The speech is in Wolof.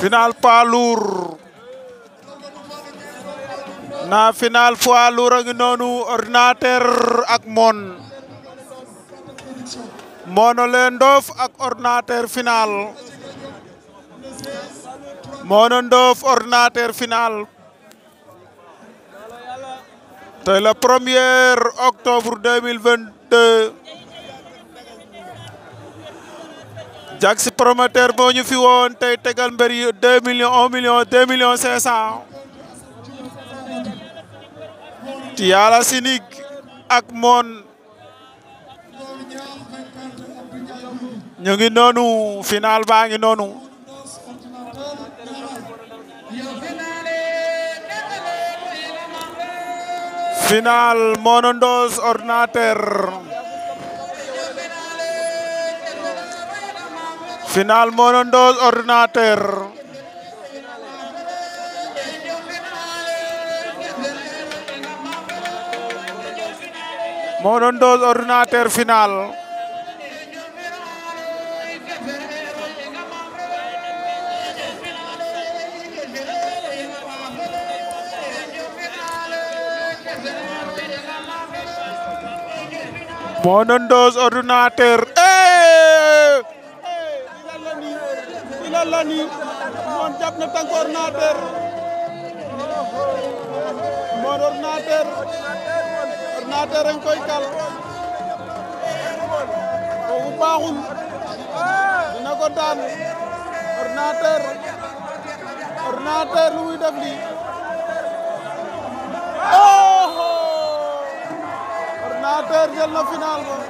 final poids lourd na final poids lourd ak moon moono le ndoof ak ordinateur final moono ndoof ordinateur final tey le premier octobre 2022 Jax promoteur moo ñu fi woon tey tegal mbër yi 2 millions 1 million 2 millions 500. Yàlla sinig ak moon ñu ngi noonu final baa ngi noonu. final Mono Ndoss ordinateur. final Mono ordinateur Mono final Galani moom jàpp na tànk ordinateur moom ordinateur ordinateur dañ koy kal kooku baaxul dina ko daan ordinateur ordinateur lu muy def jël na final ba.